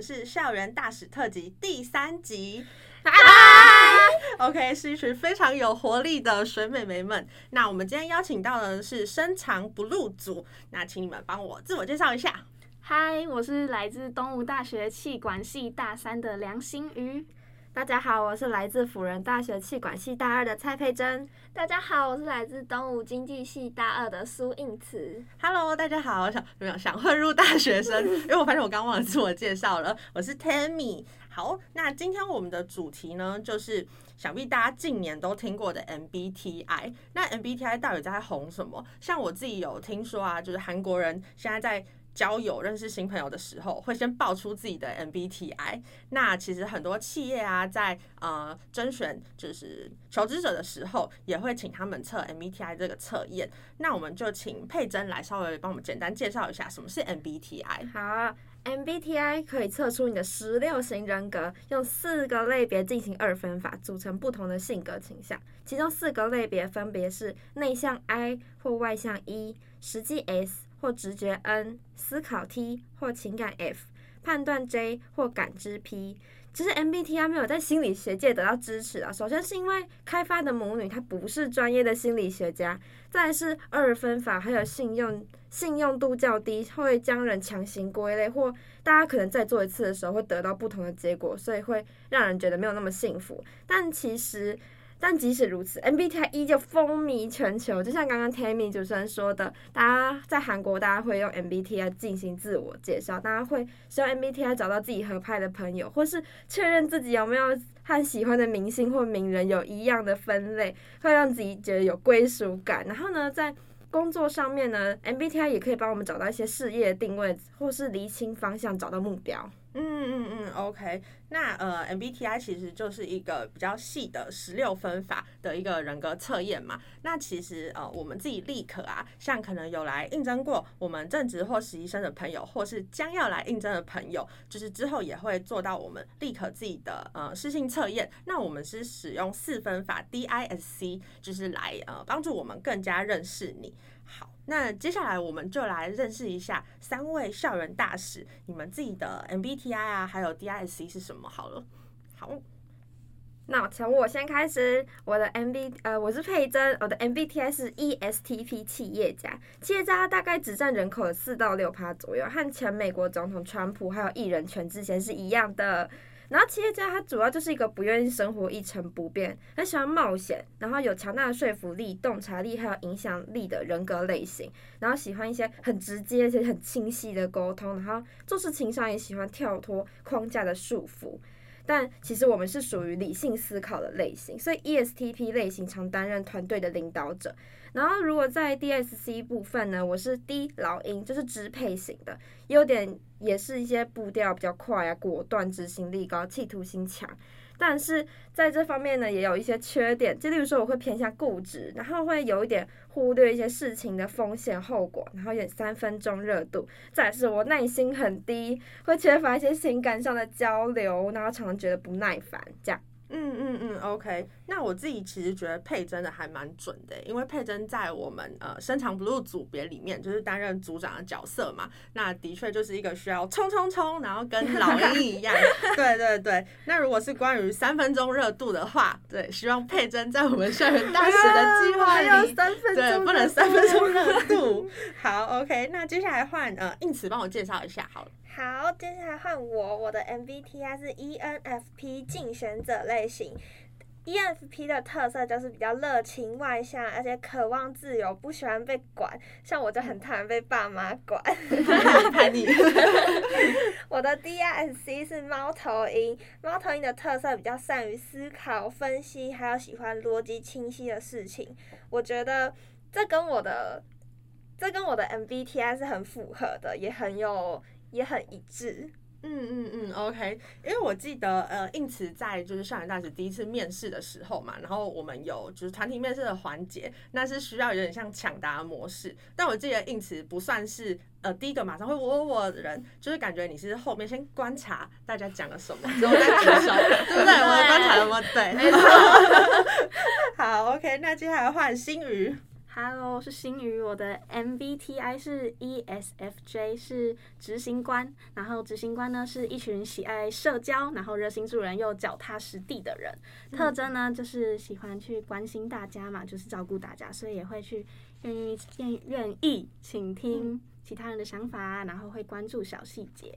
是校園大使特輯第三集 Hi!，OK，是一群非常有活力的水美眉們。那我們今天邀請到的是深藏不露組，那請你們幫我自我介紹一下。嗨，我是來自東吳大學企管系大三的梁芯瑜。大家好，我是來自輔仁大學企管系大二的蔡佩蓁。大家好，我是來自東吳經濟系大二的蘇映慈。Hello，大家好，想想混入大學生？ 因為我發現我剛忘了自我介紹了，我是 Tammy。好，那今天我們的主題呢，就是想必大家近年都聽過的 MBTI。那 MBTI 到底在紅什麼？像我自己有聽說啊，就是韓國人現在在。交友、認識新朋友的時候，會先報出自己的 MBTI。那其實很多企業啊，在呃甄選就是求職者的時候，也會請他們測 MBTI 這個測驗。那我們就請佩蓁來稍微幫我們簡單介紹一下什麼是 MBTI。好，MBTI 可以測出你的十六型人格，用四個類別進行二分法組成不同的性格傾向。其中四個類別分別是內向 I 或外向 E、實際 S。或直覺 N，思考 T，或情感 F，判斷 J，或感知 P，其實 MBTI 沒有在心理學界得到支持啊。首先是因為開發的母女她不是專業的心理學家，再來是二分法還有信用信用度較低，會將人強行歸類，或大家可能再做一次的時候會得到不同的結果，所以會讓人覺得沒有那麼幸福。但其實。但即使如此，MBTI 依舊風靡全球。就像剛剛 Tammy 主持人說的，大家在韓國，大家會用 MBTI 進行自我介紹，大家會使用 MBTI 找到自己合拍的朋友，或是確認自己有沒有和喜歡的明星或名人有一樣的分類，會讓自己覺得有歸屬感。然後呢，在工作上面呢，MBTI 也可以幫我們找到一些事業定位，或是釐清方向，找到目標。嗯嗯嗯，OK，那呃 MBTI 其實就是一個比較細的十六分法的一個人格測驗嘛。那其實呃，我們自己立可啊，像可能有來應徵過我們正職或實習生的朋友，或是將要來應徵的朋友，就是之後也會做到我們立可自己的呃 DISC 測驗。那我們是使用四分法 DISC，就是來呃幫助我們更加認識你。那接下來我們就來認識一下三位校園大使，你們自己的 MBTI 啊，還有 DISC 是什麼？好了，好，那從我先開始。我的 MB 呃，我是佩蓁，我的 MBTI 是 ESTP，企業家。企業家大概只占人口的四到六趴左右，和前美國總統川普還有藝人全智賢是一樣的。然後企業家他主要就是一個不願意生活一成不變，很喜歡冒險，然後有強大的說服力、洞察力，還有影響力的人格類型。然後喜歡一些很直接、一些很清晰的溝通。然後做事情上也喜歡跳脫框架的束縛。但其實我們是屬於理性思考的類型，所以 ESTP 類型常擔任團隊的領導者。然後，如果在 DISC 部分呢，我是 D 老鷹，就是支配型的，優點也是一些步調比較快啊，果斷、執行力高、企圖心強。但是在這方面呢，也有一些缺點，就例如說，我會偏向固執，然後會有一點忽略一些事情的風險後果，然後有點三分鐘熱度。再是我耐心很低，會缺乏一些情感上的交流，然後常常覺得不耐煩，這樣。嗯嗯嗯，OK。那我自己其實覺得佩蓁的還蠻準的，因為佩蓁在我們呃深藏 BLUE 組別裡面，就是擔任組長的角色嘛。那的確就是一個需要衝衝衝，然後跟老鷹一樣。對對對。那如果是關於三分鐘熱度的話，對，希望佩蓁在我們校園大使的計劃裡，三分鐘，對，不能三分鐘熱度。 好，OK。那接下來換呃映慈幫我介紹一下好了。好，接下來換我。我的 MBTI 是 ENFP，競選者類型。ENFP 的特色就是比較熱情外向，而且渴望自由，不喜歡被管。像我就很討厭被爸媽管。我的 DISC 是貓頭鷹。貓頭鷹的特色比較善於思考、分析，還有喜歡邏輯清晰的事情。我覺得這跟我的這跟我的 MBTI 是很符合的，也很有。也很一致，嗯嗯嗯，OK，因為我記得呃，映慈在就是上海大學第一次面試的時候嘛，然後我們有就是團體面試的環節，那是需要有點像搶答的模式，但我記得映慈不算是呃第一個馬上會我我我的人，就是感覺你是後面先觀察大家講了什麼，之後再舉手，對。 不是對？我觀察了，我對，沒錯 好，OK，那接下來換芯瑜。哈嘍，是芯瑜，我的 MBTI 是 ESFJ，是執行官。然後執行官呢，是一群喜愛社交，然後熱心助人又腳踏實地的人。嗯、特徵呢，就是喜歡去關心大家嘛，就是照顧大家，所以也會去願意願願意傾聽其他人的想法，然後會關注小細節，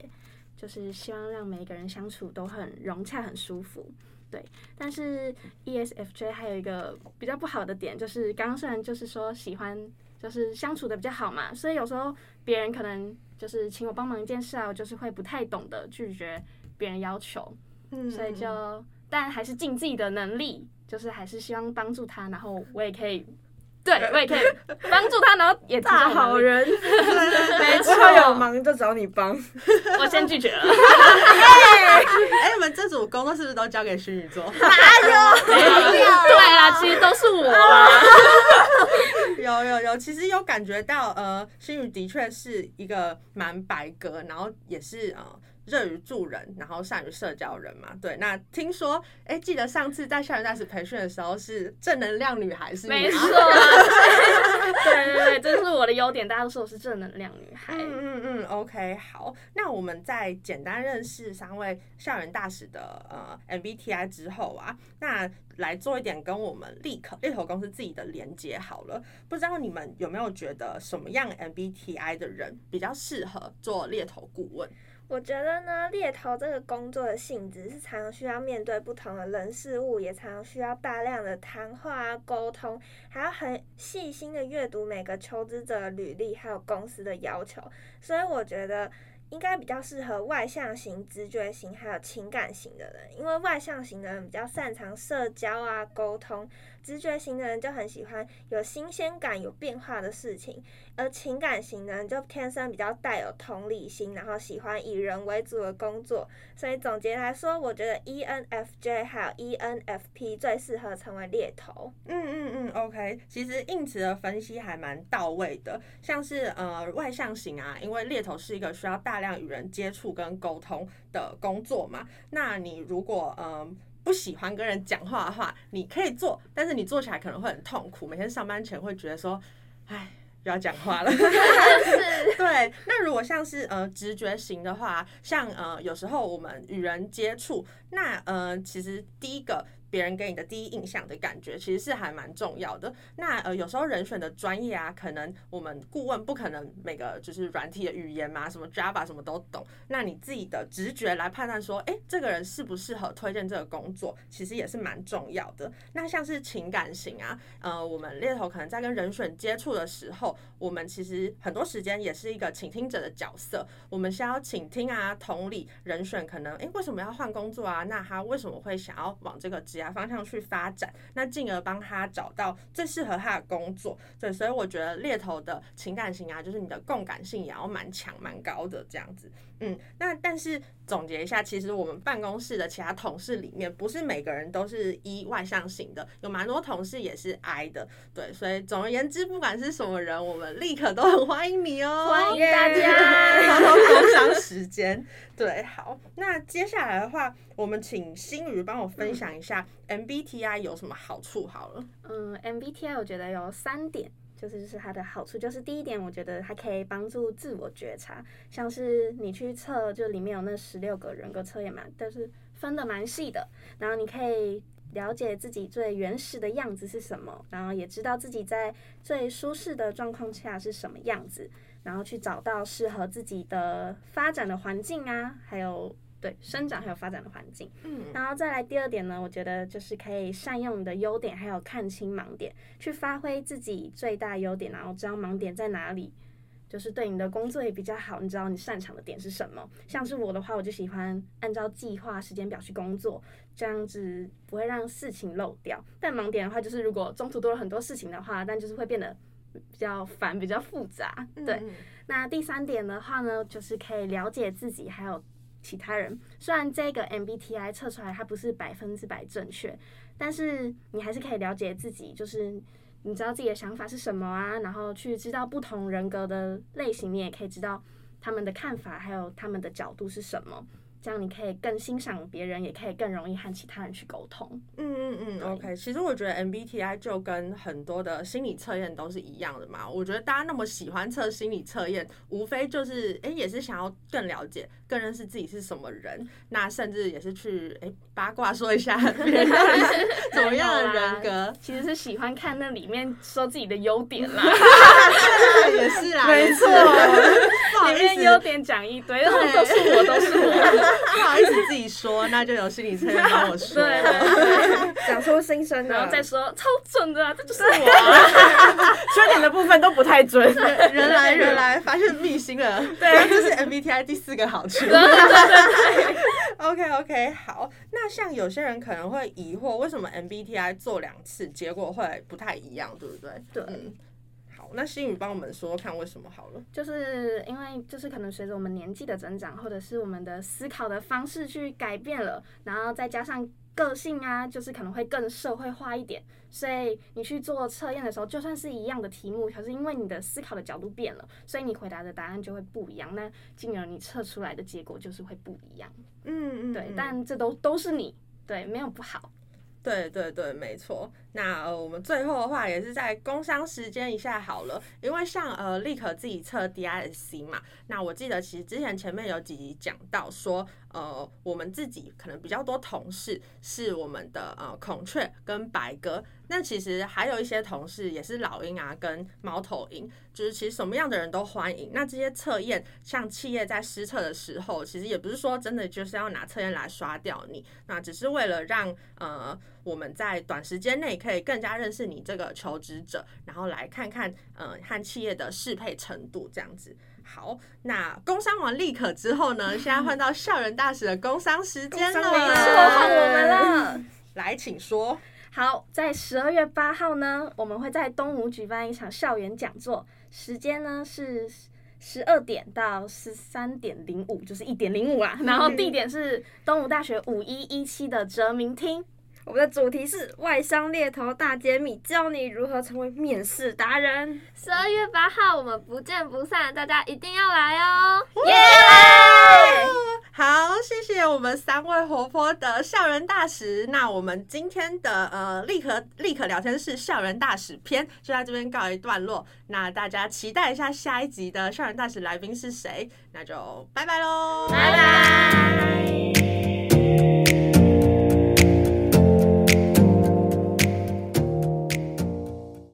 就是希望讓每一個人相處都很融洽、很舒服。對，但是 ESFJ 還有一個比較不好的點，就是剛剛雖然就是說喜歡，就是相處的比較好嘛，所以有時候別人可能就是請我幫忙一件事啊，我就是會不太懂得拒絕別人要求，嗯，所以就但還是盡自己的能力，就是還是希望幫助他，然後我也可以。對，我也可以幫助他，然後也大好人，沒錯，有忙就找你幫。我先拒絕了。哎，你們這組工作是不是都交給芯瑜做？哪有？對啊，其實都是我啦。有有有，其實有感覺到呃，芯瑜的確是一個蠻白鴿，然後也是啊。熱於助人，然後善於社交人嘛？對，那聽說，哎、欸，記得上次在校園大使培訓的時候，是正能量女孩，是女孩，是沒錯。對對 對，這對 是我的優點，大家都說我是正能量女孩。嗯嗯，嗯 o、okay, k 好，那我們在簡單認識三位校園大使的呃 MBTI 之後啊，那來做一點跟我們立可獵頭公司自己的連結好了。不知道你們有沒有覺得什麼樣 MBTI 的人比較適合做獵頭顧問？我覺得呢，獵頭這個工作的性質是常常需要面對不同的人事物，也常常需要大量的談話，啊、溝通，還要很細心的閱讀每個求職者履歷，還有公司的要求。所以我覺得，應該比較適合外向型、直覺型，還有情感型的人，因為外向型的人比較擅長社交啊、溝通；直覺型的人就很喜歡有新鮮感、有變化的事情；而情感型的人就天生比較帶有同理心，然後喜歡以人為主的工作。所以總結來說，我覺得 ENFJ 還有 ENFP 最適合成為獵頭。嗯嗯嗯，OK，其實映慈的分析還蠻到位的，像是呃外向型啊，因為獵頭是一個需要大大量與人接觸跟溝通的工作嘛，那你如果嗯、呃，不喜歡跟人講話的話，你可以做，但是你做起來可能會很痛苦，每天上班前會覺得說，哎，又要講話了。對。那如果像是呃直覺型的話，像呃有時候我們與人接觸，那呃其實第一個。別人給你的第一印象的感覺，其實是還蠻重要的。那呃，有時候人選的專業啊，可能我們顧問不可能每個就是軟體的語言嘛，什麼 Java 什麼都懂。那你自己的直覺來判斷說，誒、欸，這個人適不適合推薦這個工作，其實也是蠻重要的。那像是情感型啊，呃，我們獵頭可能在跟人選接觸的時候，我們其實很多時間也是一個傾聽者的角色。我們先要傾聽啊，同理人選可能，誒、欸，為什麼要換工作啊？那他為什麼會想要往這個？其他方向去發展，那進而幫他找到最適合他的工作。對，所以我覺得獵頭的情感型啊，就是你的共感性也要蠻強、蠻高的這樣子。嗯，那但是總結一下，其實我們辦公室的其他同事裡面，不是每個人都是 E 外向型的，有蠻多同事也是 I 的，對，所以總而言之，不管是什麼人，我們立可都很歡迎你哦，歡迎大家。受傷 時間， 對，好，那接下來的話，我們請芯瑜幫我分享一下 MBTI 有什麼好處好了。嗯，MBTI 我覺得有三點。就是就是它的好處，就是第一點，我覺得它可以幫助自我覺察，像是你去測，就裡面有那十六個人格測驗嘛，但是分得蠻細的，然後你可以了解自己最原始的樣子是什麼，然後也知道自己在最舒適的狀況下是什麼樣子，然後去找到適合自己的發展的環境啊，還有。對，生長還有發展的環境，嗯，然後再來第二點呢，我覺得就是可以善用你的優點，還有看清盲點，去發揮自己最大優點，然後知道盲點在哪裡，就是對你的工作也比較好。你知道你擅長的點是什麼？像是我的話，我就喜歡按照計劃時間表去工作，這樣子不會讓事情漏掉。但盲點的話，就是如果中途多了很多事情的話，但就是會變得比較煩，比較複雜。對，嗯、那第三點的話呢，就是可以了解自己，還有其他人，雖然這個 MBTI 測出來它不是百分之百正確，但是你還是可以了解自己，就是你知道自己的想法是什麼啊，然後去知道不同人格的類型，你也可以知道他們的看法，還有他們的角度是什麼。這樣你可以更欣賞別人，也可以更容易和其他人去溝通。嗯嗯嗯對，OK。其實我覺得 MBTI 就跟很多的心理測驗都是一樣的嘛。我覺得大家那麼喜歡測心理測驗，無非就是哎、欸，也是想要更了解、更認識自己是什麼人。那甚至也是去哎、欸、八卦說一下別人是怎麼樣的人格、啊，其實是喜歡看那裡面說自己的優點啦。 也是啊，沒錯。裡面優點講一堆，然後對對都是我，都是我。不、啊、好意思，一直自己說，那就有心理測驗跟我說。 對，講出心聲，然後再說，超準的、啊，對這就是我、啊。缺點 的部分都不太準，原對來原來，人來發現秘辛了，對，這是 MBTI 第四個好處。對，對對對。OK OK，好，那像有些人可能會疑惑，為什麼 MBTI 做兩次結果會不太一樣，對不對？對。嗯那芯瑜幫我們說說看為什麼好了，就是因為就是可能隨着我們年紀的增長，或者是我們的思考的方式去改變了，然後再加上個性啊，就是可能會更社會化一點，所以你去做測驗的時候，就算是一樣的題目，可是因為你的思考的角度變了，所以你回答的答案就會不一樣，那進而你測出來的結果就是會不一樣。嗯，嗯嗯，對，但這都都是你，對，沒有不好。對對對，沒錯。那呃，我們最後的話也是在工商時間一下好了，因為像呃，立可自己測 DISC 嘛。那我記得其實之前前面有幾集講到說，呃，我們自己可能比較多同事是我們的呃孔雀跟白鴿。那其實還有一些同事也是老鷹啊，跟貓頭鷹，就是其實什麼樣的人都歡迎。那這些測驗，像企業在施測的時候，其實也不是說真的就是要拿測驗來刷掉你，那只是為了讓呃我們在短時間內可以更加認識你這個求職者，然後來看看呃和企業的適配程度這樣子。好，那工商完立可之後呢，現在換到校園大使的工商時間了，沒錯，換我們了，來請說。好，在十二月八號呢，我們會在東吳舉辦一場校園講座，時間呢是十二點到十三點零五，就是一點零五啊。 然後地點是東吳大學五一一七的哲明廳。我們的主題是外商獵頭大揭秘，教你如何成為面試達人。十二月八號我們不見不散，大家一定要來哦！耶！Yeah! 我們三位活潑的校園大使，那我們今天的呃立可立可聊天室校園大使篇就在這邊告一段落。那大家期待一下下一集的校園大使來賓是誰？那就拜拜嘍，拜拜。拜拜。